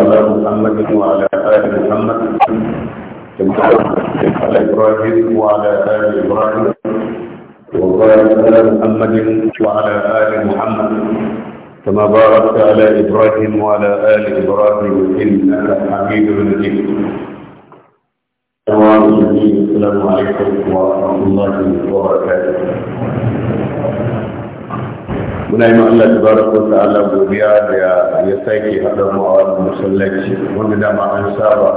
على محمد وعلى آل محمد كما باركت على إبراهيم وعلى آل إبراهيم وبارك على محمد وعلى آل محمد كما باركت على إبراهيم وعلى آل إبراهيم إنك حميد مجيد السلام عليكم ورحمة الله وبركاته muna yi Allah ta bara ko ta Allah godiya da ya sake haɗa mu a wannan masallaci wanda ma an saba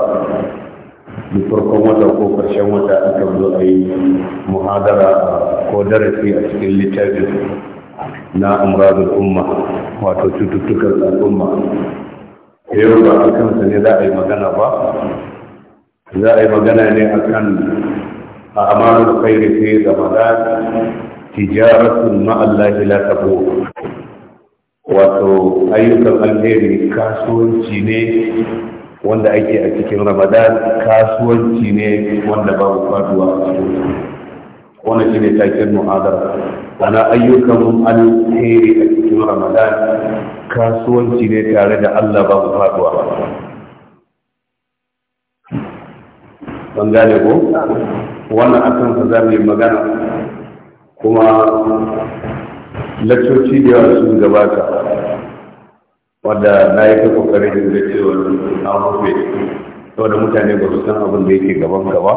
da farkon wata ko karshen wata aka zo a yi muhadara ko darasi a cikin littafin na amradul umma wato cututtukan al'umma yau ba a kansa ne za a yi magana ba za a yi magana ne akan a amalar da fi ramadan tijaratun ma'allahi la tabo wato ayyukan alheri kasuwanci ne wanda ake a cikin ramadan kasuwanci ne wanda babu faduwa a cikin wannan shi ne takin mu'adar ana ayyukan alheri a cikin ramadan kasuwanci ne tare da allah babu faduwa ban gane ko wannan akan za mu yi magana kuma lakcoci da yawa sun gabata wadda na yi ta kokarin da zai ce na rufe saboda mutane ba su san abin da yake gaban gaba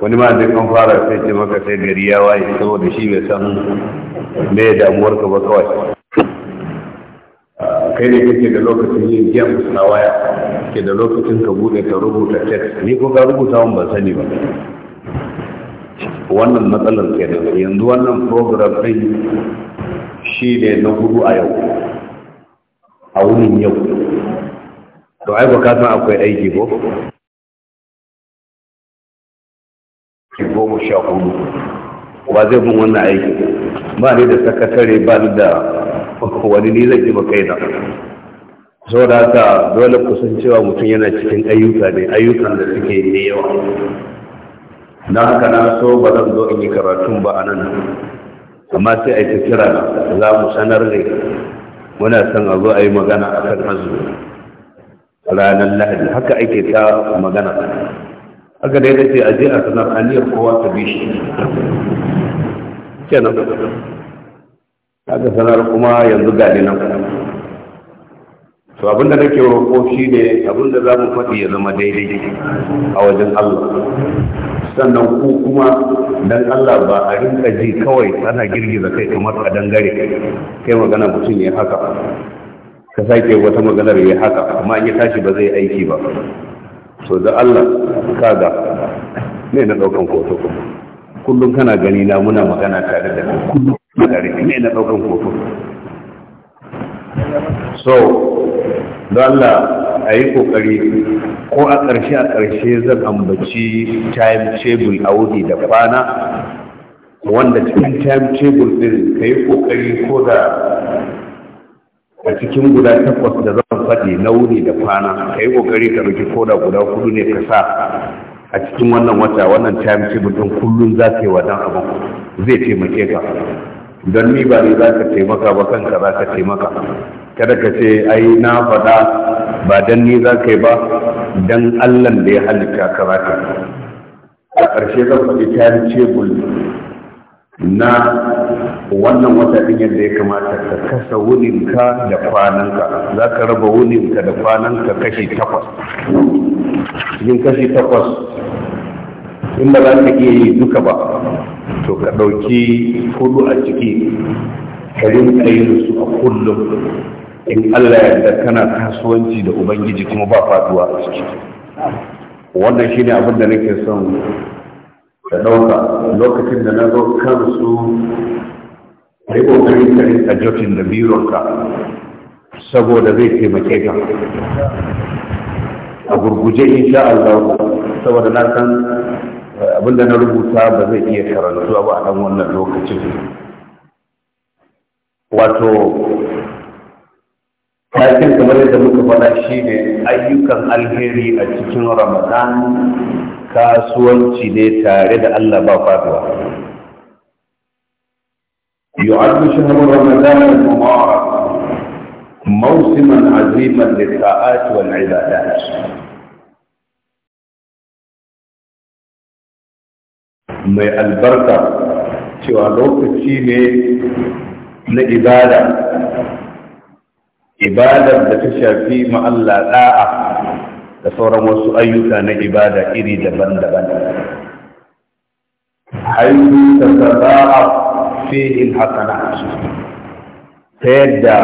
wani ma zai kan fara sai ce maka sai gari ya waye saboda shi bai san me damuwar ka ba kawai ah, kai ne kake da lokacin yin games na waya ke da lokacin ka bude ka rubuta text ni ko ka rubuta wani ban sani ba wannan matsalar kenan yanzu wannan program ɗin shi ne na hudu a yau a wurin yau to ai ba kasan akwai aiki ko goma sha hudu ba zai mun wannan aiki ba ni da sakatare ba ni da wani ni zai ba kai da haka dole kusan cewa mutum yana cikin ayyuka ne ayyukan da suke ne yawa na haka na so ba zan zo in yi karatun ba a nan amma sai a yi ta kira za mu sanar ne muna son a zo a yi magana a kan azumi ranar lahadi haka ake ta magana haka dai dace a je a sanar aniyar kowa ta bi shi kenan haka sanar kuma yanzu gani nan to abin da nake roƙo shi ne abin da za mu faɗi ya zama daidai a wajen Allah sannan ku kuma dan Allah ba a rinka ji kawai tana girgiza kai kamar a dangare kai magana mutum ya haka ka sake wata maganar ya haka amma in ya tashi ba zai aiki ba to da Allah kaga ne na ɗaukan hoto kuma kullum kana gani na muna magana tare da kullum tare ne na ɗaukan hoto so don Allah a yi kokari ko a ƙarshe a ƙarshe zan ambaci time table a wuri da kwana wanda cikin time table ɗin ka yi kokari ko da a cikin guda takwas da zan faɗi na wuri da kwana ka yi kokari ka ɗauki ko da guda kudu ne ka sa a cikin wannan wata wannan time table ɗin kullum za ka yi wa dan abin zai taimake ka don ni ba ne za ka taimaka ba kanka za ka taimaka kada ka ce ai na faɗa ba don ni za ka yi ba don allan da ya halitta ka za ka a ƙarshe zan faɗi tarin cebul na wannan wata ɗin yadda ya kamata ka kasa wuninka da kwananka za ka raba wuninka da kwananka kashi takwas cikin kashi takwas in ba za ka iya yi duka ba to ka ɗauki hudu a ciki ka rinka yin su a kullum in Allah yarda kana kasuwanci da ubangiji kuma ba faduwa a ciki wannan shine abin da nake son ka ɗauka lokacin da na zo kan kansu kai kokarin ka rinka jotin da ka saboda zai taimake ka a gurguje insha Allah saboda na san abinda na rubuta ba zai iya karantu ba a ɗan wannan lokacin wato takin kamar yadda muka faɗa shi ne ayyukan alheri a cikin ramadan kasuwanci ne tare da allah ba faduwa يعد شهر رمضان المبارك موسما عظيما للطاعات والعبادات mai albarka cewa lokaci ne na ibada ibadar da ta shafi allah da'a da sauran wasu ayyuka na ibada iri daban-daban haihu ta saba'a fihin hasana ta yadda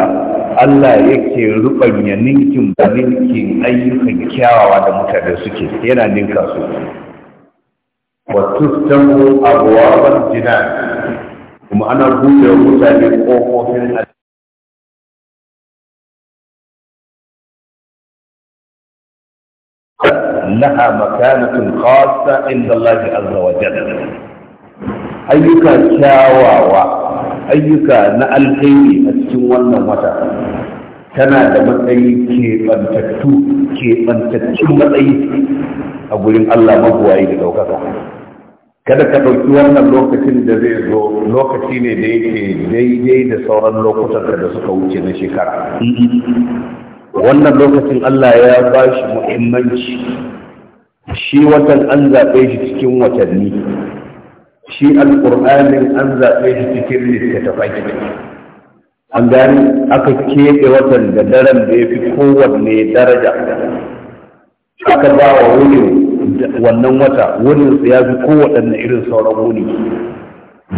Allah yake rubanya ninkin ba ninkin ayyukan kyawawa da mutane suke yana ninka su wa أبواب الجنان jinan أنا أقول buɗe mutane kofofin لها مكانة خاصة عند الله عز وجل أيك شاواوا أيك نألقيني السوان ومتى كان لما أي كيف أن تكتو كيف أن تكتو متى أقول إن الله مبوعي لك وكذا kada ka ɗauki wannan lokacin da zai zo lokaci ne da yake daidai da sauran lokutan da suka wuce na shekara wannan lokacin Allah ya ba shi muhimmanci shi watan an zaɓe shi cikin watanni shi alƙur'anin an zaɓe shi cikin littattafai an gani aka keɓe watan da daren da ya fi kowanne daraja aka ba wa wurin wannan wata wuninsa ya fi kowaɗanne irin sauran wuni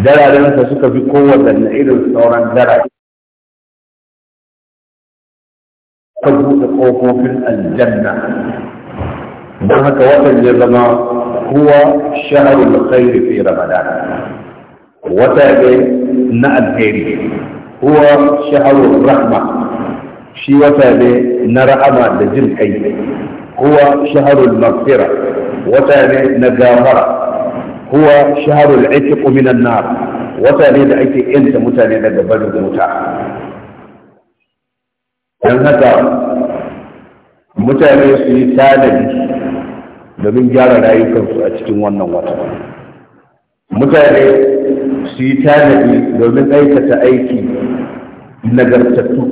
dararensa suka fi kowaɗanne irin sauran darare ka buɗe ƙofofin aljanna don haka watan ya zama kuwa shaharul khairi fi ramadan wata ne na alheri kuwa shaharul rahma shi wata ne na rahama da jin kai هو شهر المغفرة wata ne na gafara kuwa shaharul aiki kuminan na, wata ne da ake yanta mutane daga barin wuta dan haka mutane su yi tanadi domin gyara rayukansu a cikin wannan wata mutane su yi tanadi domin aikata aiki nagartattu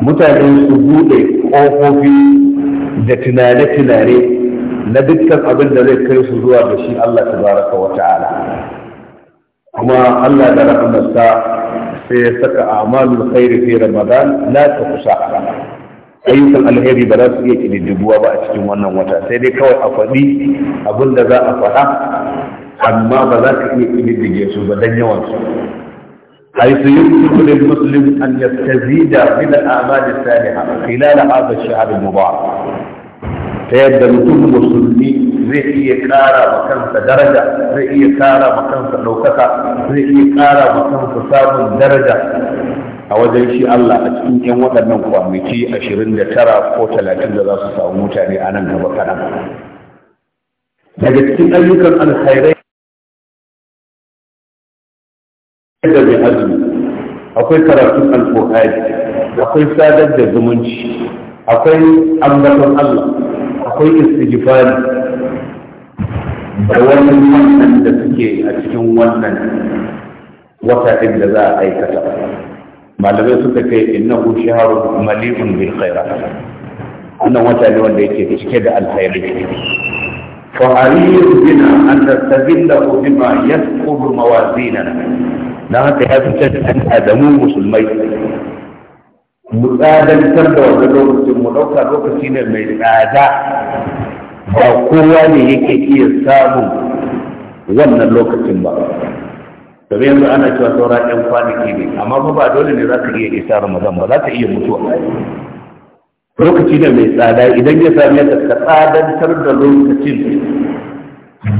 mutane su bude ƙofofi da tunane-tunane na dukkan abin da zai kai su zuwa da shi Allah tabaraka wa ta'ala kuma Allah da rahmarsa sai ya saka amalul khairi fi ramadan la tuqsa ayyukan alheri ba za su iya kididdibuwa ba a cikin wannan wata sai dai kawai a faɗi abin da za a faɗa amma ba za ka iya kididdige su ba dan yawan su حيث يمكن للمسلم أن يستزيد من الأعمال الصالحة خلال هذا الشهر المبارك ta yadda mutum musulmi zai iya kara wa kansa daraja zai iya kara wa kansa ɗaukaka zai iya kara wa kansa samun daraja a wajen shi Allah a cikin yan waɗannan kwanaki ashirin da tara ko talatin da za su samu mutane a nan gaba kaɗan daga cikin ayyukan alkhairai da mai azumi akwai karatun alkohari akwai sadar da zumunci akwai ambaton Allah akwai istighfari da wannan da suke a cikin wannan wata din da za aikata malamai suka ce inna ku shaharu mali'un bil khaira annan wata ne wanda yake cike da alkhairi fa ariyu bina an tastabilla bima yasqu mawazinana dan haka ya fitar an adamu musulmai mu tsadantar da wannan lokacin mu ɗauka lokaci ne mai tsada ba kowa ne yake iya samun wannan lokacin ba domin yanzu ana cewa saura ɗan kwanaki ne amma ba ba dole ne za ka iya isa ramadan ba za ka iya mutuwa lokaci ne mai tsada idan ya sami yadda ka tsadantar da lokacin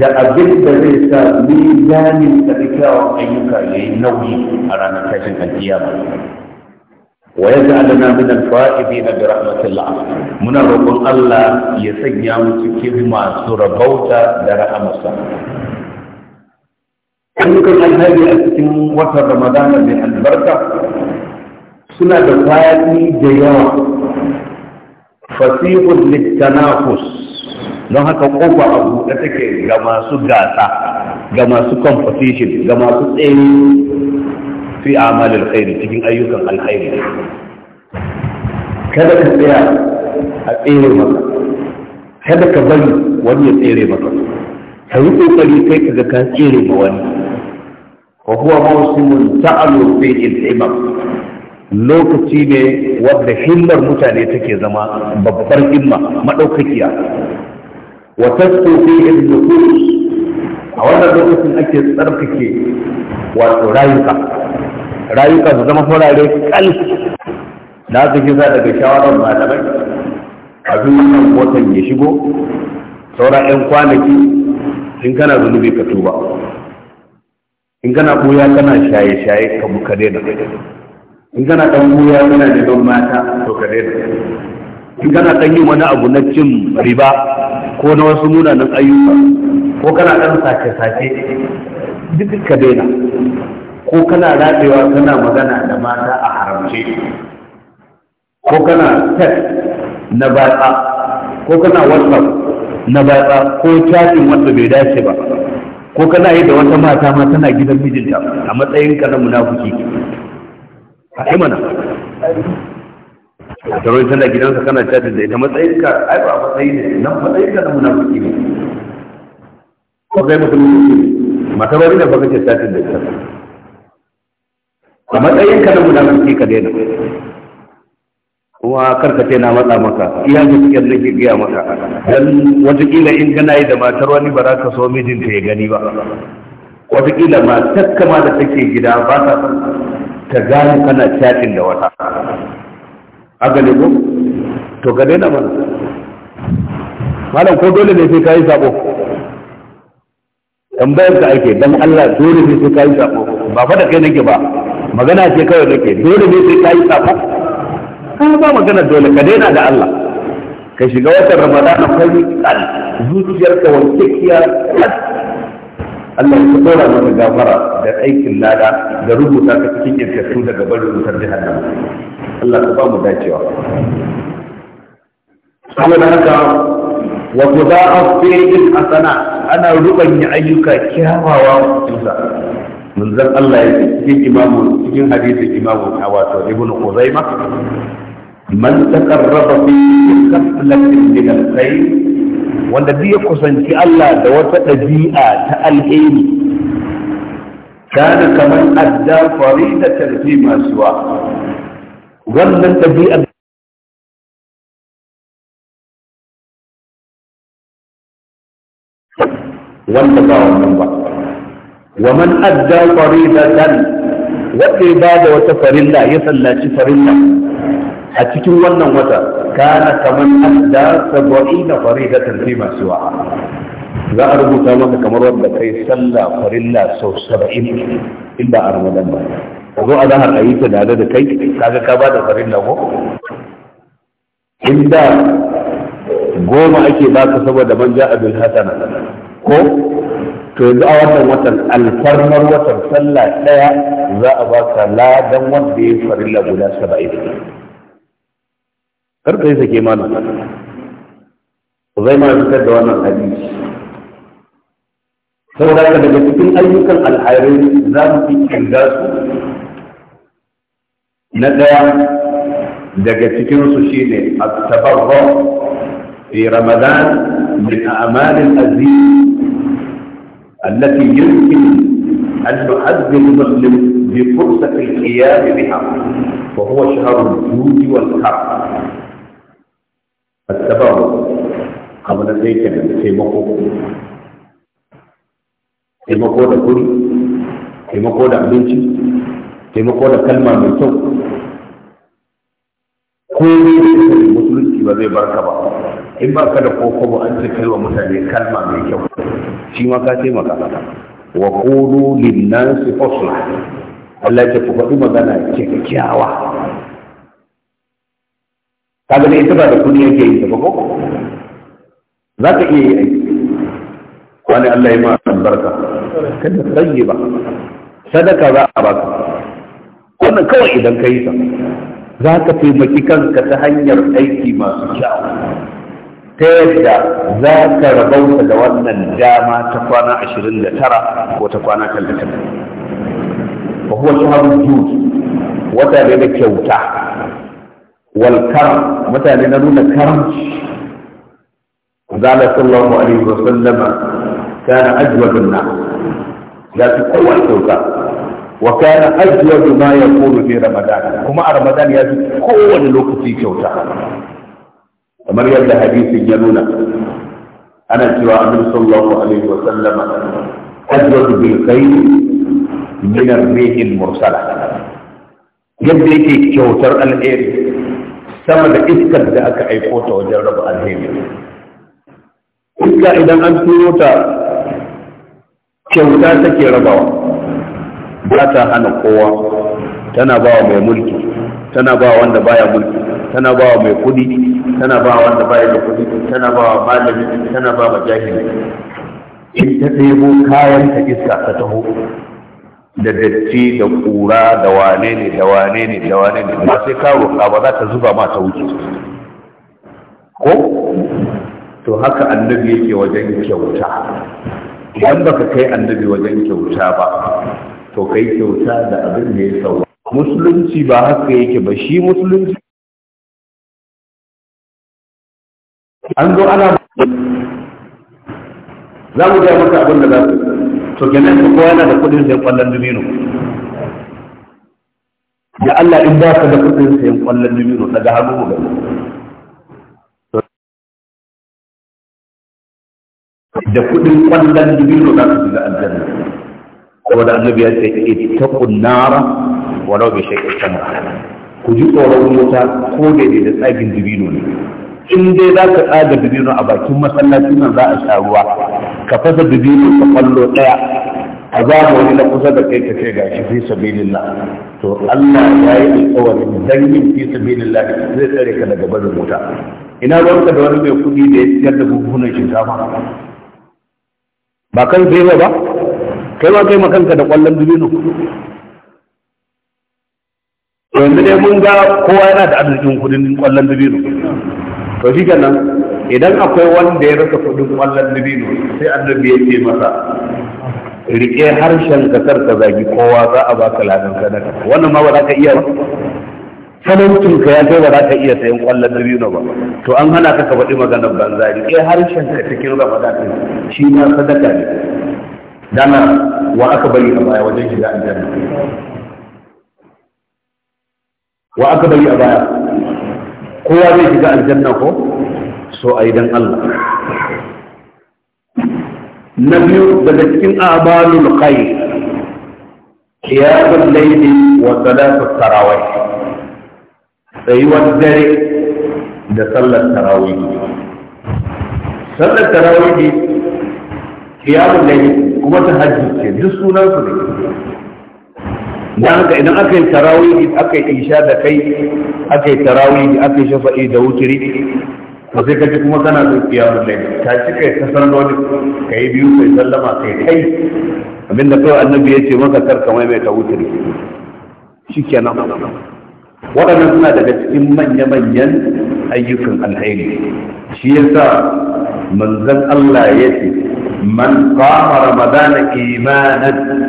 da abin da zai sa mizanin da kyawun ayyuka ya yi nauyi a ranar tashin ba. ويجعلنا من الفائزين برحمة الله من رب الله يسجع متكيب ما سربوتا درهم ayyukan alhaji a cikin watan ramadana mai albarka suna da fayani da yawa fasihun littanakus don haka kofa a buɗe take ga masu gasa ga masu competition ga masu tsaye fi amalil khairi cikin ayyukan alkhairi kada ka tsaya a tsere maka kada ka bari wani ya tsere maka ka yi kokari kai ka ga ka tsere ma wani wa huwa musulmin ta'alu fi al-imam lokaci ne wanda himmar mutane take zama babbar himma madaukakiya wa tasku fi al-nufus a wannan lokacin ake tsarkake wato rayuka rayuka su zama saurare kal na su za daga shawarar malamai a wannan motar ya shigo saura 'yan kwanaki in kana zunubi ka tuba in kana buya kana shaye-shaye ka buka daina in kana dan buya kana neman mata to ka daina in kana dan yin wani abu na cin riba ko na wasu munanan ayyuka ko kana dan sace-sace duk ka daina ko kana ratsewa kana magana da mata a haramce ko kana text na batsa ko kana whatsapp na batsa ko chatting wanda bai dace ba ko kana yi da wata mata ma tana gidan mijinta a matsayin ka na munafiki a imana. a taron tana gidansa kana chatting da ita matsayin ka ai ba matsayi ne nan matsayin ka na munafiki ne ko kai mutum ne mata bari da baka kake chatting da ita a matsayin ka na munafiki ka daina kuma karka sai na matsa maka iya da nake gaya maka dan watakila in kana yi da matar wani ba za ka so mijin ta ya gani ba watakila ma kama da take gida ba ta ta gane kana chatin da wata haka ne ko to ka daina mana malam ko dole ne sai ka yi sabo tambayar ka ake dan Allah dole ne sai ka yi sabo ba fa da kai nake ba magana ce kawai nake dole ne sai ka yi safa ka ba magana dole ka daina da Allah ka shiga watan ramadana fari kal ka wanke kiya kal Allah ya tsora maka gafara da aikin lada da rubuta ka cikin kirkatu daga barin wutar hannu Allah ka ba mu dacewa saboda haka wa kudha'af fi'il asana ana rubanya ayyuka kyawawa cikin manzon Allah ya ce cikin imamu cikin hadisin imamu a wato ibn Khuzaima man taqarraba fi kaflatin min al-khayr wanda duk ya kusanci Allah da wata ɗabi'a ta alheri kana kaman adda faridatan fi ma suwa wannan ɗabi'a wanda ba wannan ba wa man adda faridatan wanda ya bada wata farilla ya sallaci farilla a cikin wannan wata kana kaman adda sab'ina faridatan fi masuwa za a rubuta maka kamar wanda kai sallah farilla sau saba'in in ba a ba ka a zahar a yi ta dada da kai kaga ka da ko in da goma ake baka saboda man ja'a bil hasana ko to yanzu a wannan watan alfarmar watan sallah ɗaya za a ba ka ladan wanda ya farilla guda saba'in karka yi sake mana zai ma fitar da wannan hadisi saboda ka daga cikin ayyukan alhairai za mu fi kinga su na ɗaya daga cikinsu shi ne a tabarro fi ramadan min a'amalin aziz التي يمكن أن تعذب المسلم بفرصة القيام بها وهو شهر الجود والحق السبب قبل ذلك في مقو في مقو الكل في مقو الأمنشي في مقو الكلمة من ثم كل مسلم يبقى بركبه in ba ka da ba an ce kai wa mutane kalma mai kyau shi ma ka taimaka wa qulu lin-nasi husna Allah ya ku faɗi magana kyakkyawa kaga ne ita ba da kudi yake yi ba ko za ka iya yi aiki wani Allah ya ma albarka kada tsaye ba sadaka za a baka wannan kawai idan ka yi ta za ka taimaki kanka ta hanyar aiki masu kyau ta yadda za ka rabauta da wannan dama ta kwana ashirin da tara ko ta kwana talatin wa huwa shahrul jud wata ne na kyauta wal karam mutane na nuna karamci zala sallallahu alaihi wa sallama kana ajwad an-nas da su kowa kyauta wa kana ajwad ma yakunu fi ramadan kuma a ramadan ya fi kowane lokaci kyauta kamar yadda hadisin ya nuna ana cewa annabi sallallahu alaihi wa sallam azwatu bil khayr min ar-rihil mursala yadda yake kyautar alheri sama da iskar da aka aiko ta wajen raba alheri iska idan an turo ta kyauta take rabawa ba ta hana kowa tana ba wa mai mulki tana ba wanda baya mulki tana ba wa mai kudi tana ba wanda ba da kuɗi tana ba wa malami tana ba wa jahili in ta ɗebo kayan ta iska ta taho da datti da ƙura da wane ne da wane ne da wane ne ba sai ka ba za ta zuba ma ta wuce ko to haka annabi yake wajen kyauta idan baka kai annabi wajen kyauta ba to kai kyauta da abin da ya sauwa musulunci ba haka yake ba shi musulunci an zo ana za mu gaya maka abin da za su to kenan ka kowa yana da kudin sayan kwallon dumino ya Allah in ba ka da kudin sayan kwallon dumino daga hannu mu gani da kudin kwallon dumino za su shiga aljanna da annabi ya ce ittaqun nara walau bi shay'in tamra ku ji tsoron wuta ko ne da tsagin dubino ne in dai za ka tsaga dubino a bakin masallacin nan za a sha ruwa ka fasa dubino ka kwallo ɗaya a mu wani na kusa da kai ka ce ga shi fi sabilillah to Allah ya yi alkawarin dangin fi sabilillah zai tsare ka daga bazin wuta ina ka da wani mai kuɗi da ya siyar da buhunan shinkafa ba kan zai ba kai ma kai makanka da kwallon dubino yanzu dai mun ga kowa yana da arzikin kudin kwallon dubino to shi nan idan akwai wanda ya rasa kudin kwallon dabino sai annabi ya ce masa rike harshen kasar ka zagi kowa za a baka ladan sadaka wannan ma ba za ka iya ba talaucin ka ya kai ba za ka iya sayan kwallon dabino ba to an hana ka ka faɗi maganar banza rike harshen ka cikin ramadan shi ma sadaka ne dana wa aka bari a baya wajen shiga aljanna wa aka bari a baya kowa zai shiga aljanna ko so a dan Allah na biyu daga cikin abalul khair qiyamul layli wa salatut tarawai, tsayuwar dare da sallar tarawai. sallar tarawih qiyamul layli kuma ta tahajjud ce duk sunan su ne don haka idan aka yi tarawih aka yi isha da kai aka yi tarawih aka yi shafa'i da wutiri to sai kaji kuma kana son kiyamun laili ta ci kai ta salloli ka yi biyu kai sallama kai kai abinda kawai annabi ya ce maka karka mai mai ka wutiri shikenan waɗannan suna daga cikin manya-manyan ayyukan alhairi shi yasa manzon Allah ya ce man qama ramadana imanan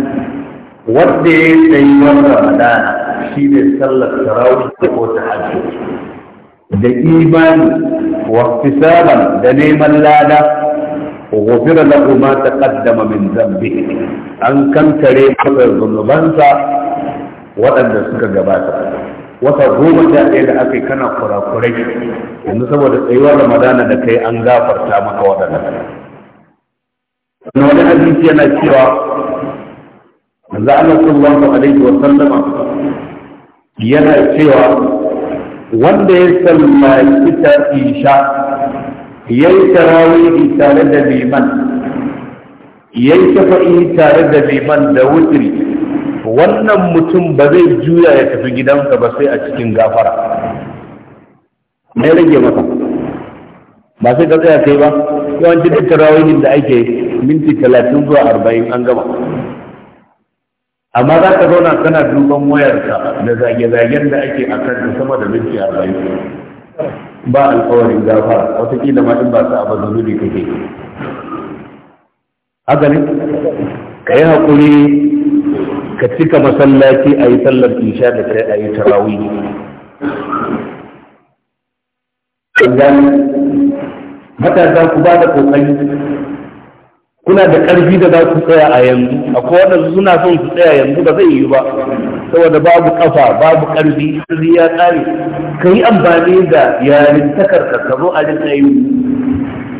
wanda ya yi tsayuwar ramadana shi ne sallar tarawih ko ta hajji da imani wa fisaban da neman lada غفر له ما تقدم من ذنبه an kankare masa zunubansa waɗanda suka gabata wata goma sha ɗaya da aka yi kana kurakurai yanzu saboda tsayuwar ramadana da kai an gafarta maka waɗanda wani hadisi yana cewa manzo Allah sallallahu alaihi wa sallama yana cewa wanda ya sallaci ta isha yayi tarawih tare da liman yayi tare da liman da wutri wannan mutum ba zai juya ya tafi gidanka ba sai a cikin gafara mai rage masa ba sai ka tsaya kai ba yawancin tattarawihin da ake minti talatin zuwa arba'in an gama amma za ka zauna kana duban wayarka da zage-zagen da ake a kan sama da minti arba'in ba alkawarin gafa watakila ma in ba sa abu zunubi kake haka ne ka yi haƙuri ka cika masallaci a yi sallar isha da kai a yi tarawih matasa ku ba da ƙoƙari kuna da ƙarfi da za ku tsaya a yanzu akwai waɗanda suna son su tsaya yanzu ba zai yi ba saboda babu ƙafa babu ƙarfi ƙarfi ya tsare ka yi amfani da yarin takarka ka zo a rinka ayu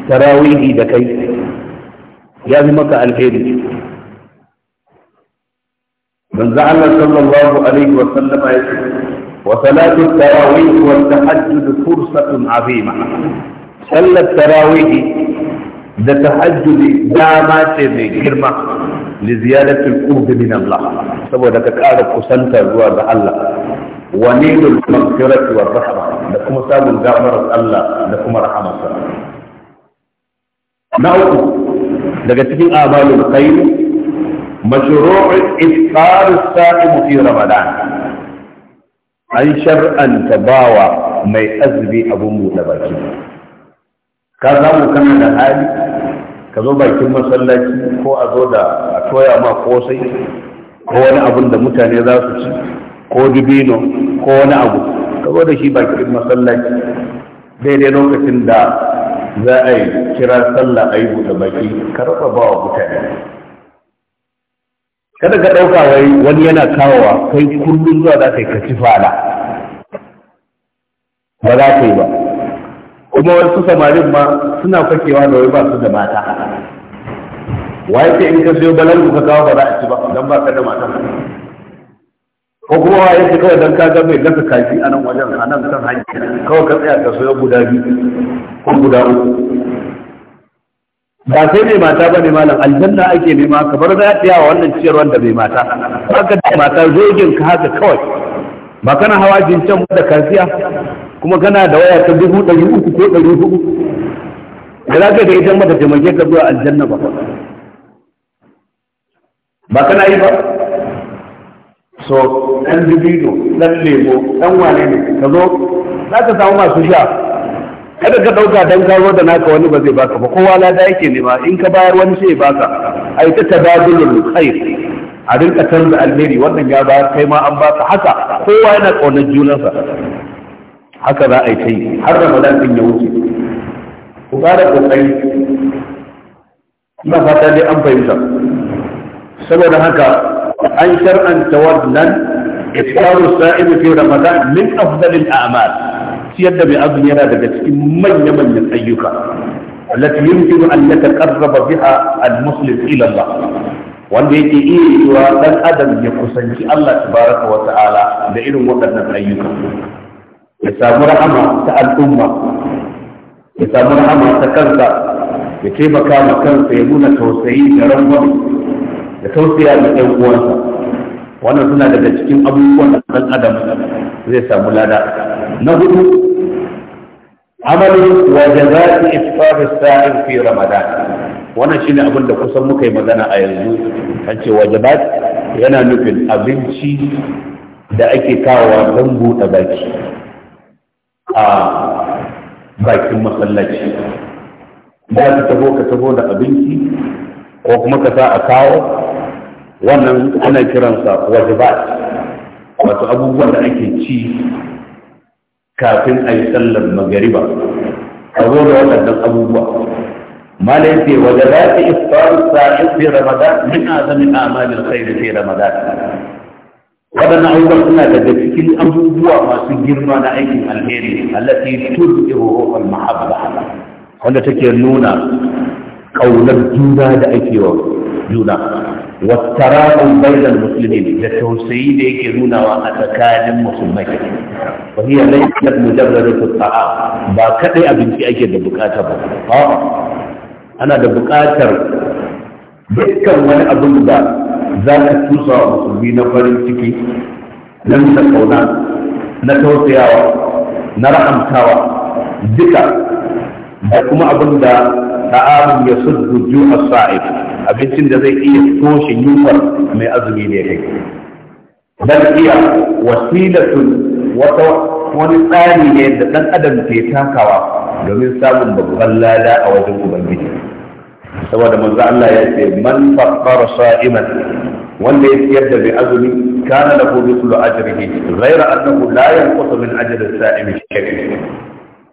tarawihi da kai ya fi maka alheri manzo Allah sallallahu alaihi wa sallama ya ce wa salatu tarawih wa tahajjud fursatun azima sallat tarawih da tahajjudi dama ce mai girma li ziyadatul qurbi min Allah saboda ka ƙara kusanta zuwa ga Allah wa nilul maghfirati war rahma da kuma samun gafarar Allah da kuma rahamarsa na uku daga cikin amalul khair mashru'u iftar as-sa'im fi ramadan an shar'anta bawa mai azumi abun buɗe baki ka samu kana da hali ka zo bakin masallaci ko a zo da a toya ma kosai ko wani abun da mutane za su ci ko dubino ko wani abu ka zo da shi bakin masallaci daidai lokacin da za a yi kira sallah a yi buɗe baki ka raba ba wa mutane kada ka ɗauka wai wani yana kawowa kai kullum zuwa za ka yi ka ci fala ba za ka yi ba kuma wasu samarin ma suna fakewa da wai ba su da mata waye ce in ka siyo balangu ka kawo ba za a ci ba don ba ka da mata ko kuma wa yake kawai dan ka ga mai gasa kaji a nan wajen a nan kan hanya kawai ka tsaya ka siyo guda biyu ko guda uku ba sai mai mata ba ne malam aljanna ake nema ka bar za ta yawa wannan ciyarwar da mai mata ba ka da mata zogin ka haka kawai ba kana hawa jincan da kasiya kuma kana da waya ta dubu ɗari uku ko ɗari hudu da za ka da ta mata taimake ka zuwa aljanna ba ba kana yi ba so ɗan dubino ɗan lemo ɗan wane ne ka zo za ka samu masu sha kada ka ɗauka don karo da naka wani ba zai baka ba kowa lada yake nema in ka bayar wani sai baka ai ta tadadulul khair a rinka canza alheri wannan ya ba kai ma an baka haka kowa yana ƙaunar junansa haka za a yi ta yi har ramadan din ya wuce ku ƙara ƙoƙari ina fata dai an fahimta saboda haka an shar'anta wannan iftaru sa'im fi ramadan min afdalil a'mal ciyar da mai azumi yana daga cikin manya-manyan ayyuka التي يمكن أن يتقرب بها المسلم إلى الله wanda yake iya yiwa dan adam ya kusanci Allah tabaraka wa ta'ala da irin waɗannan ayyuka ya samu rahama ta al'umma ya samu rahama ta kansa ya taimaka ma kansa ya nuna tausayi da rangwame da tausaya da ɗan uwansa wannan suna daga cikin abubuwan da ɗan adam zai samu lada na hudu amalin wa jaza'i isfahi sa'in fi ramadan wannan shine abin da kusan muka yi magana a yanzu an ce wajibat yana nufin abinci da ake kawowa don buɗe baki a bakin masallaci za ka taho ka taho da abinci ko kuma ka sa a kawo wannan ana kiransa wajibat wato abubuwan da ake ci kafin a yi sallar magariba a zo da waɗannan abubuwa ما ليس وجبات إفطار الصائم في رمضان من أعظم أعمال الخير في رمضان waɗannan ayyukan suna daga cikin abubuwa masu girma na aikin alheri allati tud'iru ruhul mahabba wanda take nuna kaunar juna da ake juna wa tarabun bainal da tausayi da yake nunawa a tsakanin musulmai wa hiya laysat mujarrad at-ta'am ba kadai abinci ake da bukata ba ana da buƙatar dukkan wani abin da za ka tusa wa musulmi na farin ciki na nuna ƙauna na tausayawa na rahamtawa duka da kuma abin da ta'amun ya suddu juha sa'ib abincin da zai iya toshe yunwar mai azumi ne kai dan iya wasilatun wata wani tsari ne da ɗan adam ke takawa domin samun babban lada a wajen ubangiji saboda manzo Allah ya ce man fakkara sa'iman wanda ya ciyar da bai azumi kana lahu mithlu ajrihi ghayra annahu la yanqutu min ajri as-sa'im shay'an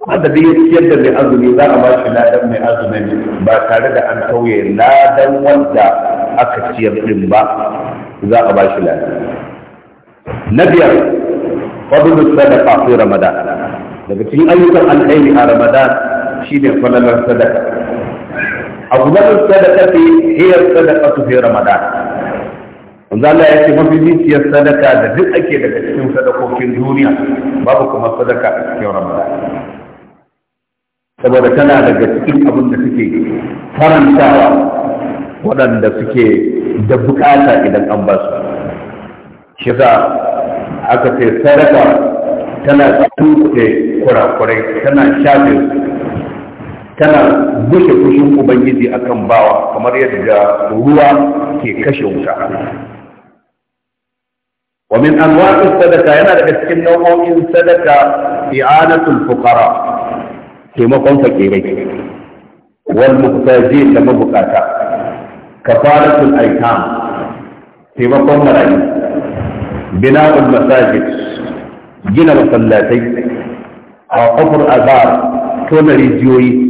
wanda bai ciyar da bai azumi za a ba shi ladan mai azumin ba tare da an tauye ladan wanda aka ciyar din ba za a ba shi ladan na biyar fadlus sadaqa fi ramadan daga cikin ayyukan alkhairi a ramadan shine falalar sadaka أفضل الصدقة هي الصدقة fi رمضان manzo Allah ya ce mafi zuciyar sadaka da duk ake daga cikin sadakokin duniya babu kuma sadaka a cikin ramadan saboda tana daga cikin abin da suke farantawa waɗanda suke da bukata idan an ba su shi za aka ce sadaka tana tuɗe kurakurai tana shafe tana nufe fushin ubangiji akan bawa kamar yadda ruwa ke kashe wuta ومن أنواع الصدقة هنا بس كنا إن صدقة إعانة الفقراء في مقام فقيري والمحتاجين لما بقاتا كفالة الأيتام في مقام مرأي بناء المساجد جنة مصلاتي أو أفر أذار كون ريزيوي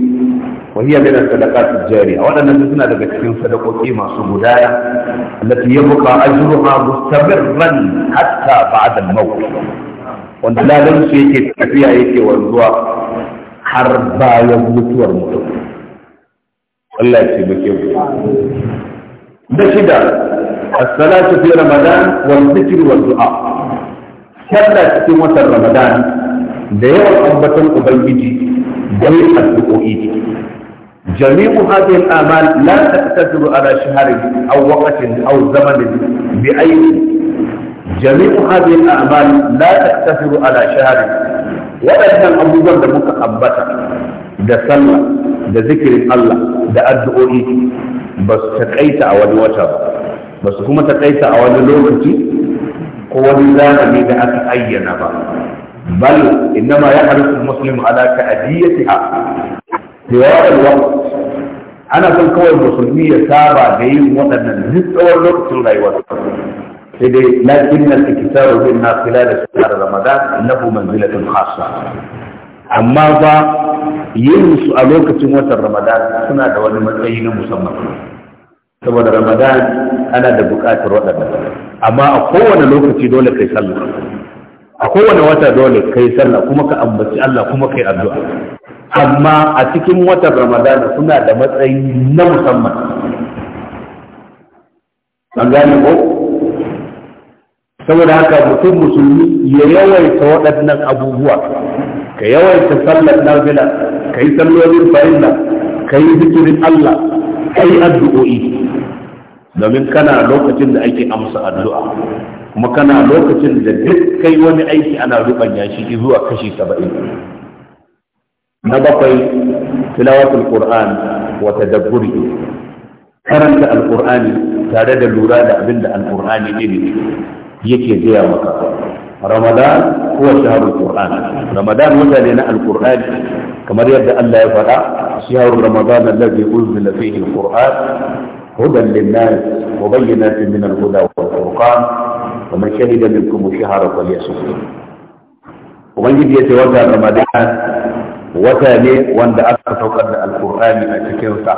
وهي من الصدقات الجارية وأنا نزلنا لكثير صدقوتي مع سبودايا التي يبقى أجرها مستمرا حتى بعد الموت وأنت لا ننسي يكي تكفيها يكي وانزوا حربا يبوت ورموت الله يسيبك يبوت نشد الصلاة في رمضان والذكر والدعاء كلا في رمضان ليوم أبطن أبيجي ليوم أبطن أبيجي جميع هذه الآمال لا تقتدر على شهر أو وقت أو زمن بأي جميع هذه الأعمال لا تقتدر على شهر ولا كان أبو ذر متقبتا ده صلى ده ذكر الله ده أدعوني بس تقيت أول وتر بس كما تقيت أول لوكتي قوة الله لي ده أتأين بل إنما يحرص المسلم على تأديتها سواء الوقت ana son kawai musulmi ya saba da yin waɗannan duk tsawon lokacin rayuwar sai dai lakin na suke tsaro bin na fila da shekarar ramadan annabu manzilatin khassa amma ba yin su a lokacin watan ramadan suna da wani matsayi na musamman saboda ramadan ana da buƙatar waɗannan amma a kowane lokaci dole kai sallah a kowane wata dole kai sallah kuma ka ambaci Allah kuma kai addu'a amma a cikin watan ramadana suna da matsayi na musamman an gane ko saboda haka mutum musulmi ya yawaita waɗannan abubuwa ka yawaita sallar nafila ka yi sallolin farilla ka yi zikirin Allah ka yi addu'o'i domin kana lokacin da ake amsa addu'a kuma kana lokacin da duk kai wani aiki ana ruɓanya shi zuwa kashi saba'in na bakwai tilawatul qur'an wa وتدبره karanta alqur'ani tare da lura da abin da alkur'ani ne yake gaya maka ramadan ko shaharul qur'an ramadan wata ne na alqur'ani kamar yadda Allah ya faɗa shaharul ramadan alladhi unzila fihi alqur'an hudan linnas wa bayyinatin min alhuda wal-furqan wa man shahida minkum shahra falyasum ubangiji ya ce wata ramadan wata ne wanda aka saukar da alkur'ani a cikinsa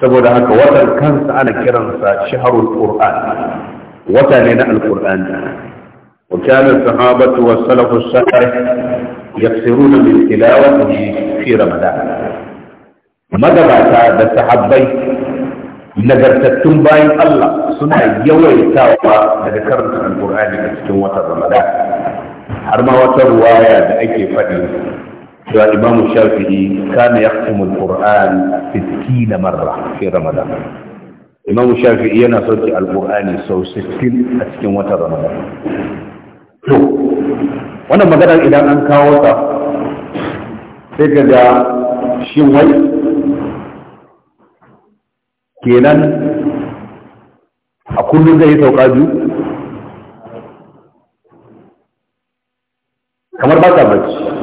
saboda haka watan kansa ana kiransa shaharul qur'an wata ne na alkur'ani sahabatu wa salafu الصالح يكسرون min تلاوته fi ramadan magabata da sahabbai nagartattun bayan Allah suna yawaitawa daga karanta alkur'ani a cikin watan Ramadan har ma wata ruwaya da ake faɗi da imamu shafi'i kana yaqtumu da 60 marra fi ramadan imamu shafi'i yana sauke alqurani sau 60 a cikin watan ramadan to wannan magana idan an kawo ta sai ka ga shin wai kenan a kullum zai yi sauka biyu kamar ba ta bacci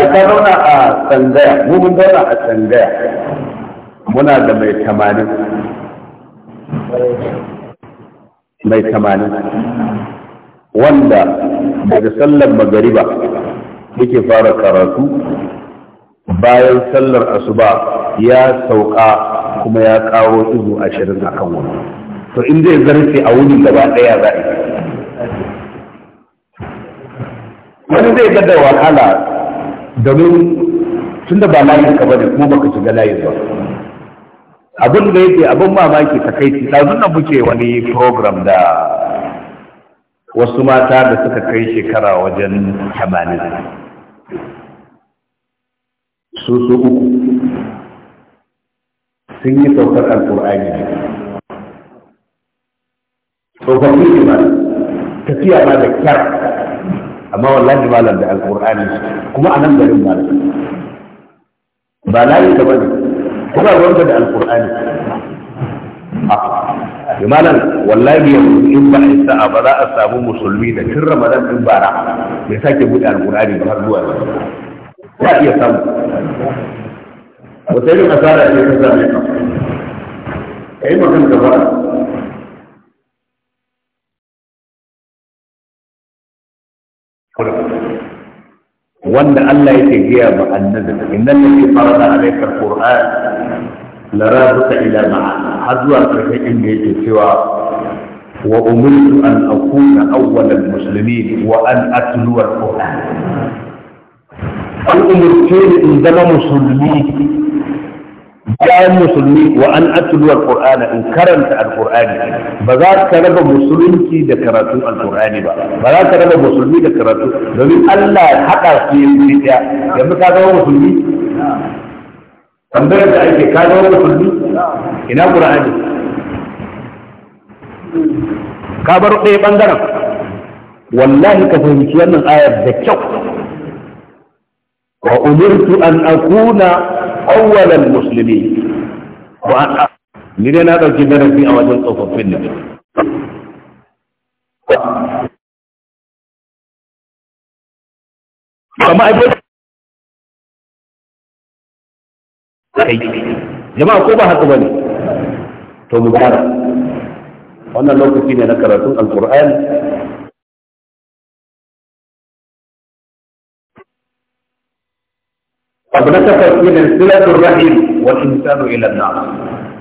da ka a tsangaya muna da mai tamanin mai tamanin wanda daga sallar magariba yake fara karatu bayan sallar asuba ya sauka kuma ya kawo izu ashirin a kan wani to in zai zarce a wuni gaba daya za a yi wani zai gada wahala domin tun da ba layin ka bane kuma baka shiga layin ba abin da yake abin mamaki kai ta nan muke wani program da wasu mata da suka kai shekara wajen tamanin su su uku sun yi saukar Alƙur'ani tsofaffi ne tafiya ma da kyar amma wallahi malam da alqur'ani kuma anan garin malam ba layi ka bane kuma wanda da alqur'ani a malam wallahi in ba a sa'a ba za a samu musulmi da tun ramadan din bara bai sake bude alqur'ani ba har zuwa yanzu za iya samu wata irin asara ne ta same ka kai makan da ba wanda Allah yake giya ma annabi innal ladhi farada alayka alquran la rabata ila ma har zuwa karshen inda yake cewa wa umirtu an akuna awwalal almuslimin wa an atlu alquran an umurce in zama muslimin bayan musulmi wa an atluwa alqur'ana in karanta alqur'ani ba za ka raba musulunci da karatu alqur'ani ba ba za ka raba musulmi da karatu domin Allah hada su yi ɗaya yanzu ka zama musulmi tambayar da ake ka zama musulmi ina qur'ani ka bar ɗaya bangaren wallahi ka fahimci wannan ayar da kyau wa umirtu an akuna awwalal muslimi wa ni dai na dauki darasi a wajen tsofaffin ne amma ai kai jama'a ko ba haka bane to mu fara wannan lokaci ne na karatun al alqur'ani abu na takwas shi ne silatul rahim wal insanu ila an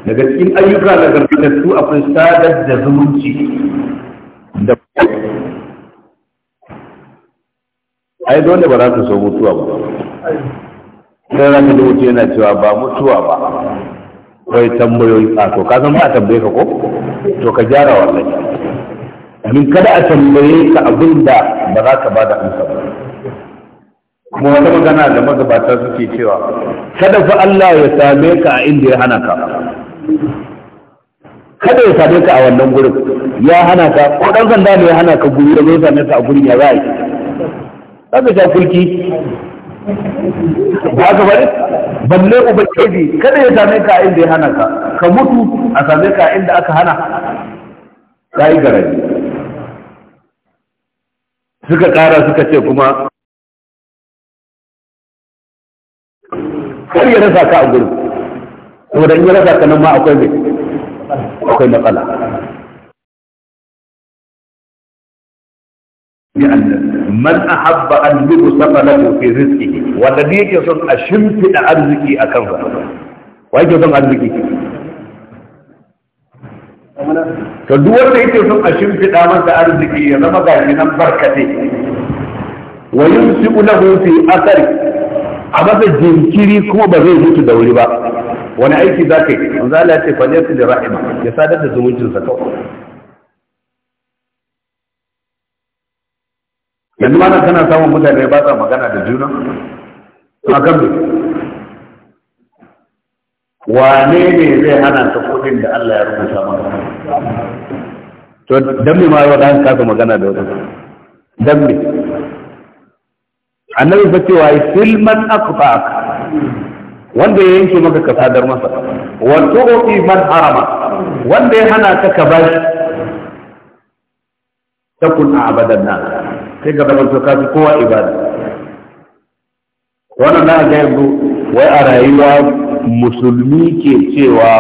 daga cikin ayyuka na gargaɗa akwai sadar da zumunci da ai dole ba za su so mutuwa ba sai za ka wuce yana cewa ba mutuwa ba kai tambayoyi a to ka san ba a tambaye ka ko to ka gyara wannan min kada a tambaye ka abin da ba za ka ba da amsa ba kuma wata magana da magabata suke cewa kada fa Allah ya same ka a inda ya hana ka kada ya same ka a wannan gurin ya hana ka ko dan sanda ne ya hana ka guri da zai same ka a gurin ya za kada ka zaka kulki ba ka bari balle ubangiji kada ya same ka a inda ya hana ka ka mutu a same ka a inda aka hana ka yi garaji suka kara suka ce kuma kar ya rasa ka a gurin saboda in ya rasa ka nan ma akwai mai akwai matsala man ahabba an yubsata lahu fi rizqihi wanda ne yake son a shimfida arziki a kansa wa yake son arziki to duk wanda yake son a shimfida masa arziki ya zama gashi nan barkate wa yumsiku lahu fi asari. a masa jinkiri kuma ba zai mutu da wuri ba wani aiki za ka yi manzo Allah ya ce falyatu da ra'ima. ya sadar da zumuncinsa kawai yanzu mana tana samun mutane ba sa magana da juna a kan wane ne zai hana ta kudin da Allah ya rubuta maka to dan mai ma yau an kasa magana da wata dan mai annabi ba cewa yi filman akfak wanda ya yanke maka ka sadar masa wa tu'ti man harama wanda ya hana ka ka bashi kun abadan nan sai ga zaman ka fi kowa ibada wannan na ga yanzu wai a rayuwa musulmi ke cewa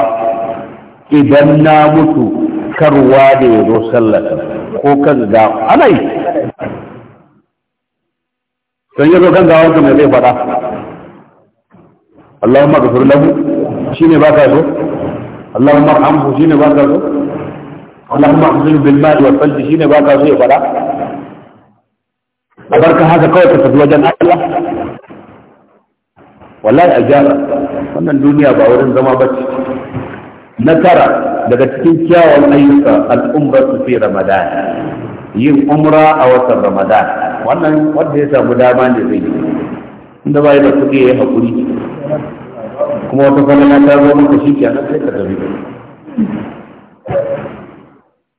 idan na mutu karwa da ya zo sallah ko kan da ana yi don yazo kan gawar ka mai zai faɗa Allahumma ghfir lahu shine ba ka so Allahumma arhamhu shine ba ka so Allahumma ahzin bil mal wal fajr shine ba ka so ya faɗa a barka haka kawai ka tafi wajen Allah wallahi a gyara wannan duniya ba wurin zama ba ce na tara daga cikin kyawun ayyuka al'ummar su fi ramadan yin umra a watan ramadan wannan wanda ya samu dama ne zai yi inda ba da kuɗi ya haƙuri kuma wata falala ta zo maka shi ke nan sai ka tafi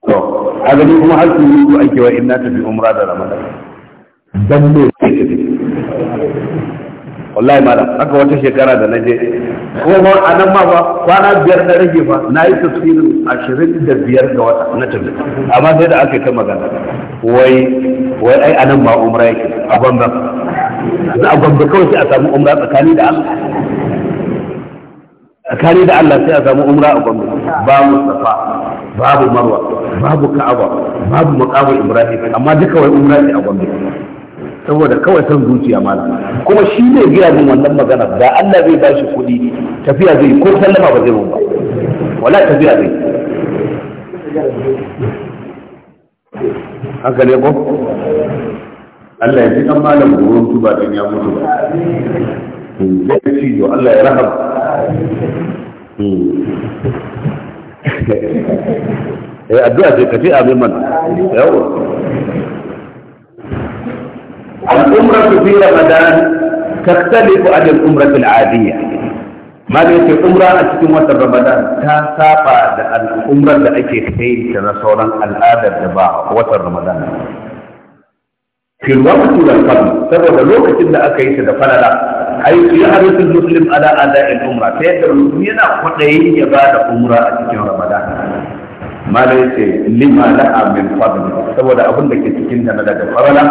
to a gani kuma har su yi ake wa in na tafi umra da ramadan dan ne wallahi malam aka wata shekara da naje ko ma anan ma ba kwana biyar na rage ba na yi tafsirin ashirin da biyar ga wata na tafi amma sai da aka ta magana wai wai ai anan ma umra yake a bamba za a bamba kawai sai a samu umra tsakani da Allah tsakani da Allah sai a samu umra a bamba Ba Mustafa babu marwa babu ka'aba babu maqamu ibrahim amma duka wai umra ne a bamba saboda kawai san zuciya malam kuma shi ne biya min wannan magana da Allah zai bashi kuɗi tafiya zai ko sallama ba zai ba wala tafiya zai haka ne ko Allah ya ji kan malam gurin tuba din ya mutu ba hmm, zai ci yo Allah ya rahama hmm. eh addu'a ce kafi abin man yawa al'umratu fi ramadan taktalifu an al'umratu al'adiyya malam yace umra a cikin watan ramadan ta saba da al'umrar da ake kai ta na sauran al'adar da ba watan ramadan في الوقت yi سبب الوقت اللي أكيد دفن لا حيث يحرص المسلم على أداء الأمرة فإن المسلمين قد umra a cikin رمضان mala yace lima laha min fadl saboda abin da ke cikin ta na daga farala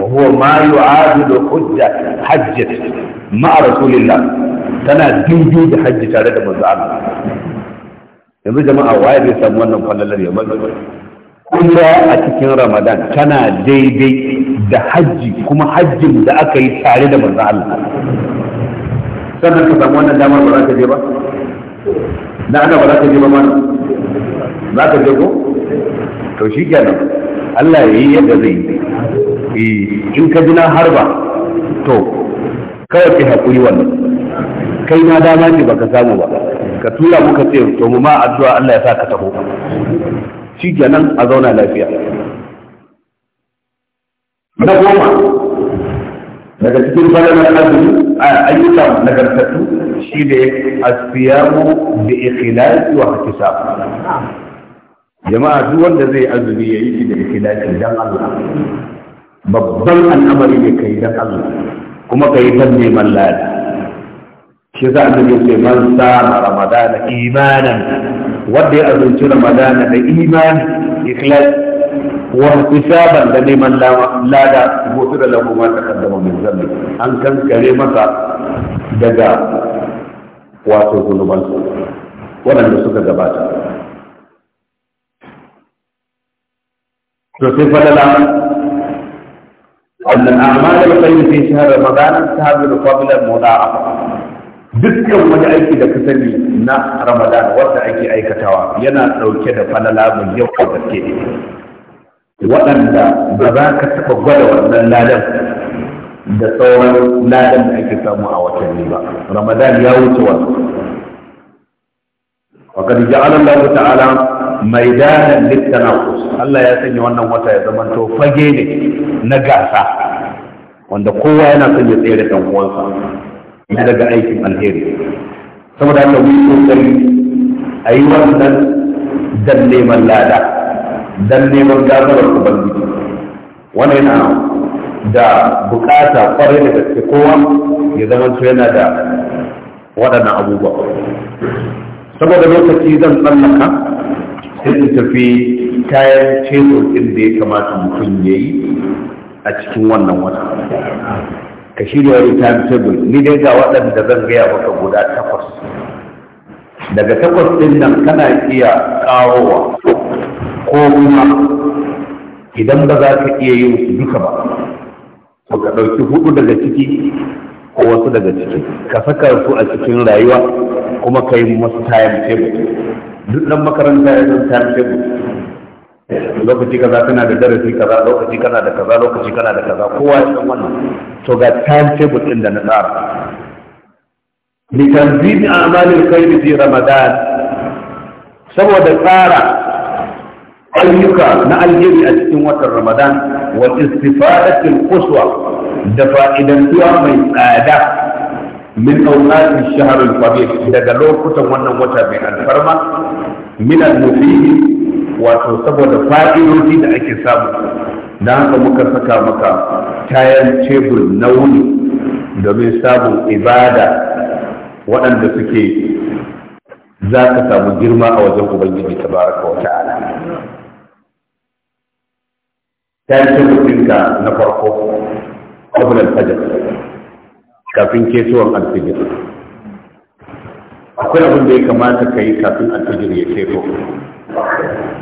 wa huwa ma yu'adilu hujja hajjat ma'a rasulillah tana daidai da hajji tare da manzo Allah yanzu jama'a waye zai samu wannan fallalar ya manzo umra a cikin ramadan tana daidai da hajji kuma hajjin da aka yi tare da manzo Allah sannan ka samu wannan damar ba za ka je ba na ana ba za ka je ba ma za ka je ko to shi kenan Allah ya yi yadda zai yi eh, in ka ji na harba to kawai ki haƙuri wannan kai na dama ce baka samu ba ka tura muka ce to mu ma addu'a Allah ya sa ka taho shi kenan a zauna lafiya na goma daga cikin fadalar azumi a ayyuka nagartattu shi ne asiyamu bi ikhlasi wa ihtisab jama'a duk wanda zai azumi ya yi shi da ikhlasi dan Allah babban al'amari ne kai dan Allah kuma kai dan neman lada shi za a ya ce man sama ramadana imanan wanda ya azumci ramadana da iman ikhlas wa hisaban da neman lada gobe da lahu ma takaddama min zambi an kankare masa daga wato zunubansa waɗanda suka gabata to sai falala wannan amal kai khair fi shahr ramadan tahadu qabla al-muda'a dukkan wani aiki da ka na ramadan wanda ake aikatawa yana dauke da falala mai ko gaske waɗanda ba za ka taɓa gwada wannan ladan da sauran ladan da ake samu a watanni ba ramadan ya wuce wasu وقد جعل الله Ta'ala. maidanan littanakus Allah ya sanya wannan wata ya zama to fage ne na gasa wanda kowa yana son ya tsere dan uwansa ya daga aikin alheri saboda haka mu kokari ayi wannan dan neman lada dan neman gafarar ubangiji wannan yana da bukata kwarai da gaske kowa ya zama to yana da waɗannan abubuwa saboda lokaci zan tsallaka irin tafi kayan ceto ɗin da ya kamata mutum ya yi a cikin wannan wata ka shirya wani time table ni dai ga waɗanda zan gaya maka guda takwas daga takwas ɗin nan kana iya ƙarowa ko kuma idan ba za ka iya yin su duka ba ko ka ɗauki hudu daga ciki ko wasu daga ciki ka saka su a cikin rayuwa kuma ka yi masu time table duk dan makaranta ya zan time table lokaci kaza kana da darasi kaza lokaci kana da kaza lokaci kana da kaza kowa ya san wannan to ga time table din da na tsara Ni kan litanzim a'malil khair fi ramadan saboda tsara ayyuka na alheri a cikin watan ramadan wa istifadatil quswa da fa'idantuwa mai tsada min awqati shahr al-fadil daga lokutan wannan wata mai alfarma min al-mufid wato saboda fa'idodi da ake samu dan haka muka saka maka tayan tebur na wuni domin samun ibada waɗanda suke za ka samu girma a wajen ubangiji tabaraka wa ta'ala tayan tebur ɗinka na farko qabla al-fajr kafin kesuwan alfijir akwai abin da ya kamata ka yi kafin alfijir ya keso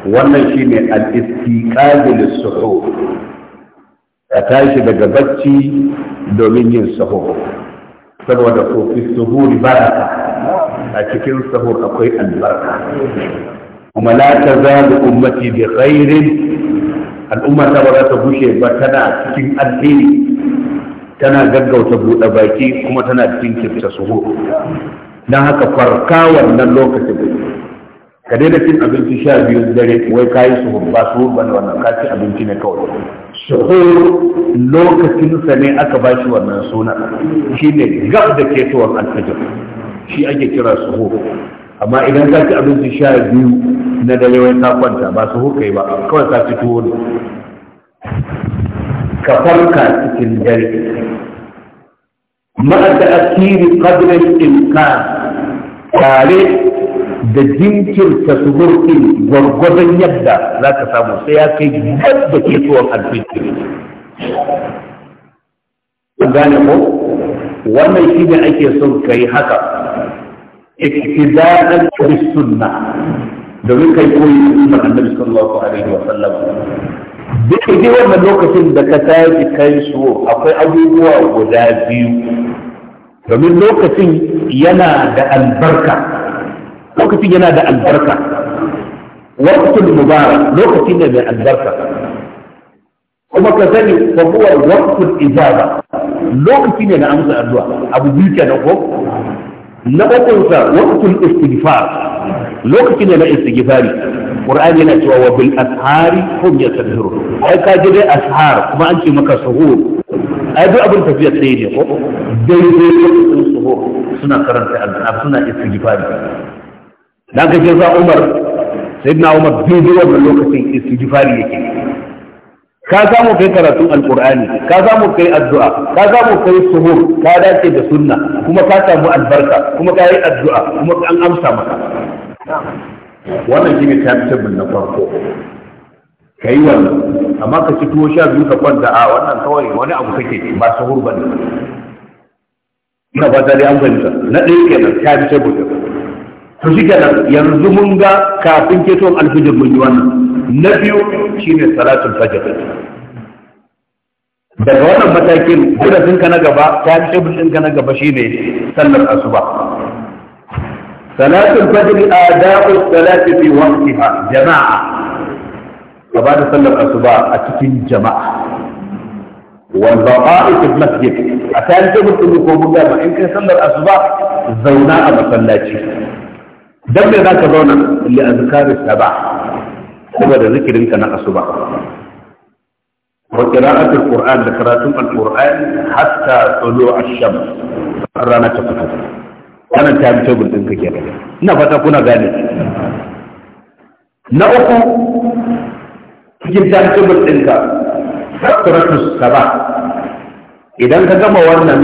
wannan shi ne al'istiƙalil suho ka tashi daga bacci domin yin suho saboda kofi suhuri baraka a cikin suhur akwai albarka kuma ta zaɓi ummati da khairin al'umma ta ba za ta bushe ba tana cikin alheri tana gaggauta buɗe baki kuma tana jinkirta suhu don haka farka wannan lokacin ka daina cin abinci sha biyu dare wai ka yi suhur ba su ba da wannan kaci abinci ne kawai suhur lokacinsa ne aka ba shi wannan suna shi ne gab da ketowar alfajir shi ake kira suhur amma idan ka ci abinci sha biyu na dare wai ka kwanta ba suhur kai ba kawai ka ci tuwo ne ka farka cikin dare ma'a da asiri qadrin imkan tare da jinkirta suburkin gwargwadon yadda za ka samu sai ya kai yadda ke tsohon alfitiri gane ko wannan shi ne ake son ka yi haka iktida'an bi sunna domin kai koyi da sunnar annabi sallallahu alaihi wa sallam duk da wannan lokacin da ka tashi kai so akwai abubuwa guda biyu domin lokacin yana da albarka lokacin yana da albarka waqtul mubarak lokacin ne mai albarka kuma ka sani fa huwa waqtul ijaba lokaci ne na amsa addu'a abu biyu na ko na ukunsa waqtul istighfar lokaci ne na istighfari qur'ani yana cewa wa bil ashari hum yasbirun ai ka ji dai ashar kuma an ce maka suhur ai duk abin tafiya tsaye ne ko daidai lokacin suho suna karanta azab suna istighfari dan ka sa Umar sayyidina Umar daidai wannan lokacin istighfari yake ka samu kai karatun alqur'ani ka samu kai addu'a ka samu kai suhur ka dace da sunna kuma ka samu albarka kuma ka yi addu'a kuma an amsa maka wannan shine timetable na farko ka yi wannan amma ka ci tuwo sha biyu ka kwanta a wannan kawai wani abu kake ba su ne ina ba ta dai an fahimta na ɗaya kenan ta fi ce gobe to shi kenan yanzu mun ga kafin keton alfijir mun yi wannan na biyu shi ne salatun fajar daga wannan matakin sun ka na gaba ta fi ɗin ka na gaba shi ne sallar asuba fajar a ada'u salati fi waqtiha jama'a ka bada da sallar asuba a cikin jama'a wal baqa'i fil masjid a kan ke mutum ko mun ga in kai sallar asuba zauna a masallaci dan me zaka zauna li azkari saba saboda zikirin ka na asuba wa qira'ati alquran da karatun alquran hatta tulu ash-shams rana ta fito kana ta ɗin tabul din kake ina fata kuna gane na uku cikin timetable ɗinka sakuratu saba idan ka gama wannan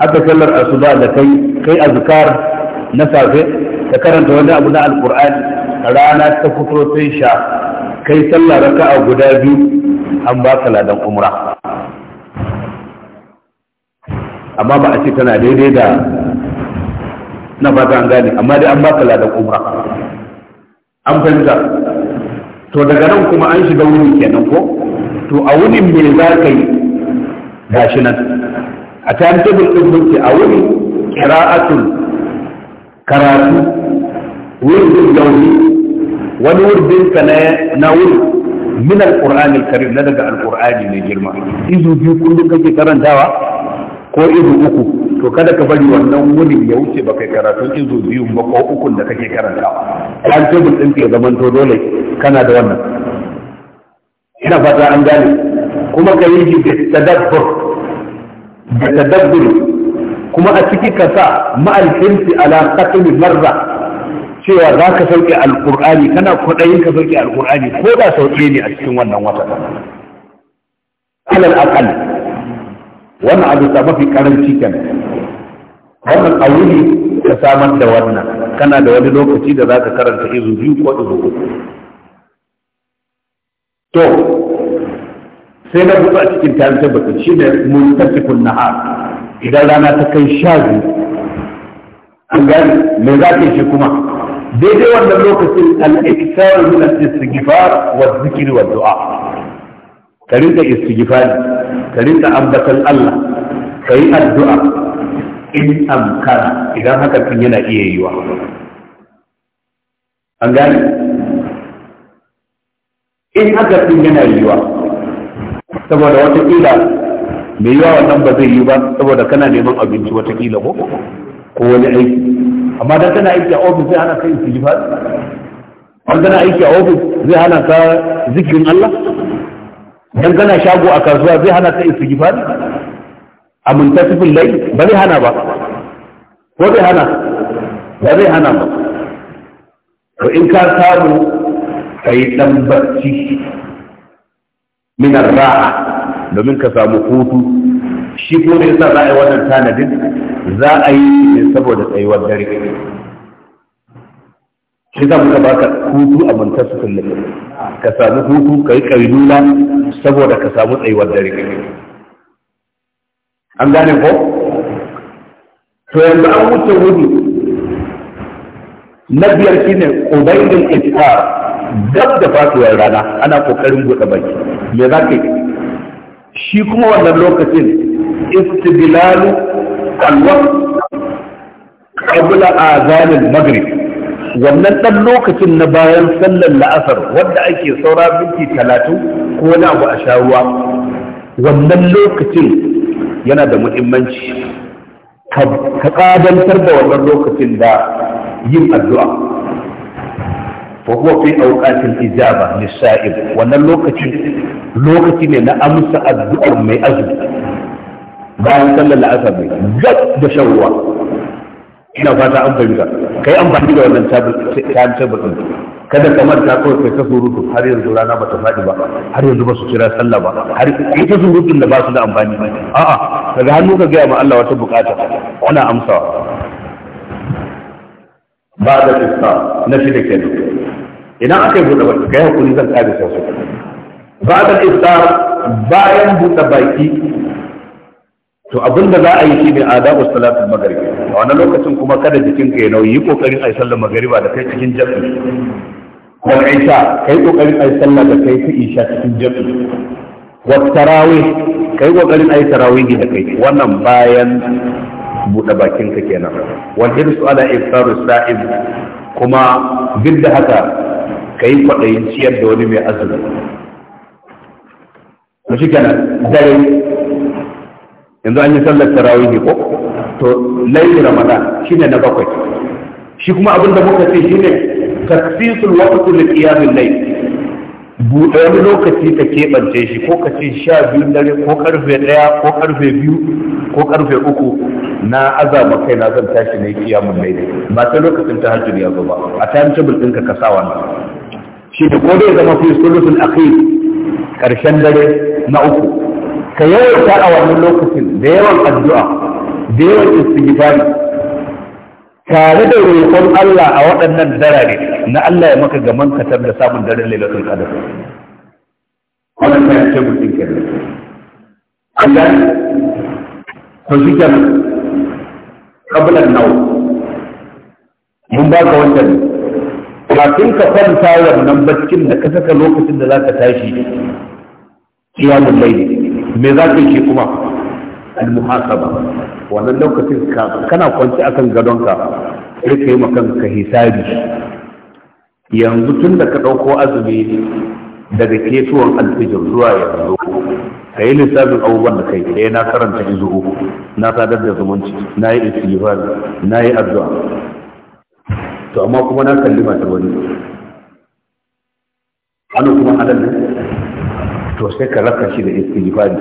aka sallar asuba da kai kai azkar na safe ka karanta wani abu na alqur'ani rana ta fito sai sha kai sallar a guda biyu an ba ka ladan umra amma ba a ce tana daidai da na fata an gane amma dai an ba ka ladan umra an fahimta to daga nan kuma an shiga wuni kenan ko to a wunin me za ka yi gashi nan a timetable din muke a wuni qira'atul karatu wurin gauri wani wurin ka na wuni, min alqur'ani karim na daga Alƙur'ani mai girma izu biyu kullum kake karantawa ko izu uku to kada ka bari wannan wurin ya wuce ba kai karatun izu biyu ba ko ukun da kake karanta. an tebul ɗin ke zamanto dole kana da wannan ina fata an gane kuma ka yi da tadabbur da tadabbur kuma a ciki ka sa ma'al hirsi ala qatl marra cewa za ka sauke alkur'ani kana kwaɗayin ka sauke alkur'ani ko da sauke ne a cikin wannan wata alal akal wannan abu ta mafi karanci kenan wannan a wuri ka samar da wannan kana da wani lokaci da za ka karanta izu biyu ko izu uku to sai na buɗe a cikin tarin tabbata shi ne muntasifun nahar idan rana ta kai sha biyu an gani me za ka yi shi kuma daidai wannan lokacin al-iktar min al-istighfar wa dhikri wa du'a ka rinka istighfari ka rinka ambatan Allah ka yi addu'a in amkara idan haka kan yana iya yiwa an gane in haka kan yana yiwa saboda wata kila mai yiwa wannan ba zai yi ba saboda kana neman abinci wata kila ko ko wani aiki amma dan kana aiki a ofis zai hana ka istighfari an kana aiki a ofis zai hana ka zikirin Allah dan kana shago a kasuwa zai hana ka istighfar amintasifin lai ba zai hana ba ko zai hana ba zai hana ba to in ka samu ka yi dan barci minar ra'a domin ka samu hutu shi ko da yasa za a yi wannan tanadin za a yi ne saboda tsayuwar dare shi za mu ka baka hutu a mantasifin lai ka sami hutu ka yi ƙailula saboda ka samu tsayuwar dare an gane ko to yanzu an wuce wuri na biyar shine ƙobaidin ita gab da fatuwar rana ana ƙoƙarin buɗe baki me za ka yi shi kuma wannan lokacin istibilalu. alwaqt kabula a al magrib wannan ɗan lokacin na bayan sallar la'asar wanda ake saura minti talatin ko wani abu a sha ruwa wannan lokacin yana da muhimmanci ka ƙadantar da wannan lokacin da yin addu'a wa a fi awqatil ijaba lis wannan lokacin lokaci ne na amsa addu'ar mai azumi bayan sallar la'asar ne gab da shan ruwa ina fata an fahimta kai amfani da wannan time table kada ka manta kawai kai ta surutu har yanzu rana ba ta faɗi ba har yanzu ba su kira sallah ba har ta surutu da ba su da amfani ba. a'a daga hannu ka gaya ma Allah wata bukata ana amsawa ba da fista na fi da kenan idan aka yi buɗe baki kai hakuri zan kare sosai ba da fista bayan buɗe baki to abin da za a yi shine adabu salatul maghrib a wannan lokacin kuma kada jikin ka ya nauyi yi kokarin ai sallar magariba da kai cikin jami'i wal isha kai kokarin ai sallar da kai ta isha cikin jami'i wat tarawih kai kokarin ayi tarawih da kai wannan bayan buɗe bakin ka kenan wal hirsu ala iftaru sa'in kuma duk da haka kai kwaɗayin ciyar da wani mai azumi to shi kenan dare yanzu an yi sallar tarawih ko to laili ramadan shine na bakwai shi kuma abin da muka ce shine taksisul waqtu li al layl buɗe wani lokaci ka keɓance shi ko ka ce sha biyu dare ko karfe ɗaya ko karfe biyu ko karfe uku na azama kai na zan tashi na yi kiyamun mai ba ta lokacin ta hajjur ya zo ba a time table ɗinka ka sa wannan shi da ko dai zama fi sulusun akhir karshen dare na uku ka yawaita a wannan lokacin da yawan addu'a da yawan istighfari tare da roƙon Allah a waɗannan darare na Allah ya maka gaman katar da samun daren lailatul kadar. wannan ta ce mutum kenan Allah ko shi kenan qabla Nau, mun ba ka wannan kafin ka kwanta wannan barcin da ka saka lokacin da za ka tashi qiyamul layl me za ka ke kuma al-muhasaba wannan lokacin ka kana kwanci akan gadonka sai ka yi makan ka hisabi yanzu tun da ka ɗauko azumi daga ketuwan alfijir zuwa yanzu ka yi lissafin abubuwan da kai ɗaya eh, na karanta izu uku na sadar da zumunci na yi istighfar na yi addu'a to amma kuma na kalli matar wani ana kuma halal to sai ka raka shi da istighfari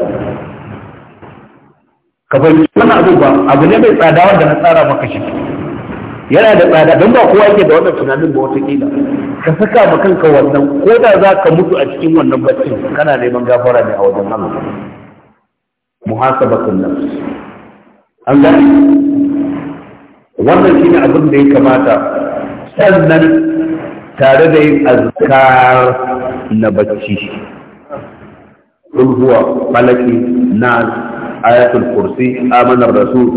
ka fahimci wani abu ba abu ne mai tsada wanda na tsara maka shi yana da tsada don ba kowa yake da wannan tunanin ba kila ka saka ma kanka wannan ko da za ka mutu a cikin wannan baccin kana neman gafara ne a wajen Allah muhasabatu nafs an gani wannan shine abin da ya kamata sannan tare da yin azkar na bacci قل هو ملك ناس آية الكرسي آمن الرسول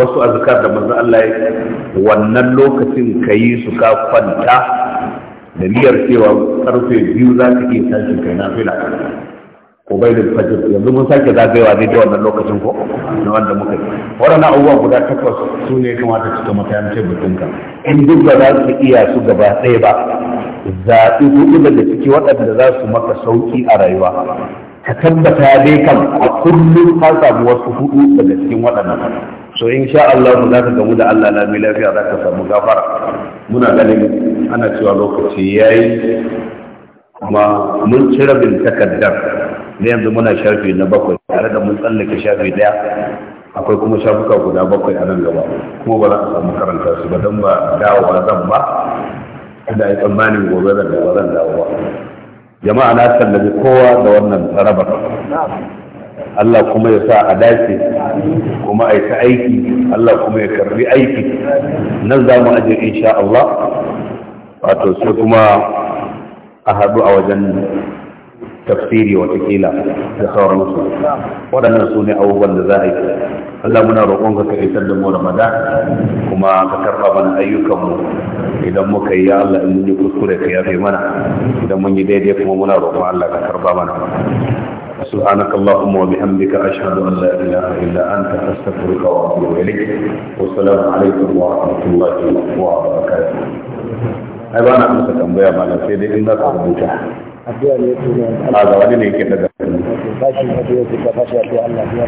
wasu azkar da manzo Allah ya wannan lokacin kayi su ka kwanta da niyyar cewa karfe biyu za ka iya tashi kai na fila ko bai da fajr yanzu mun sake zagayewa ne da wannan lokacin ko na wanda muka yi waɗannan abubuwa guda takwas su ne kamata cika makayan teburin ka in duk ba za su iya su gaba ɗaya ba zaɓi hudu daga ciki waɗanda za su maka sauƙi a rayuwa ka tabbata dai kan a kullum ka samu wasu hudu daga cikin waɗannan so in sha Allah mu za ka gamu da Allah na mai lafiya za ka samu gafara muna ganin ana cewa lokaci ya yi kuma mun ci rabin takardar na yanzu muna shafi na bakwai tare da mun tsallake shafi daya akwai kuma shafuka guda bakwai a nan gaba kuma ba za a samu karanta su ba don ba dawowa zan ba da yi tsammanin gobe da ba zan dawo ba jama'a na sallabi kowa da wannan tsarabar Allah kuma ya sa a dace kuma a ta aiki Allah kuma ya karbi aiki nan za mu aje insha Allah wato sai kuma a haɗu a wajen tafsiri watakila da sauransu waɗannan su ne abubuwan da za a yi Allah muna roƙon ka isar da mu ramada kuma ka karɓa mana ayyukanmu idan muka yi ya Allah in mun yi kuskure ka yafe mana idan mun yi daidai kuma muna roƙon Allah ka karɓa mana سبحانك اللهم وبحمدك أشهد أن لا إله إلا أنت أستغفرك وأتوب إليك والسلام عليكم ورحمة الله وبركاته. أيضا أنا أمسك أمبيا معنا سيدي إنك أرجوك addu'a ne ya ne a ga wani ne yake daga ne yake da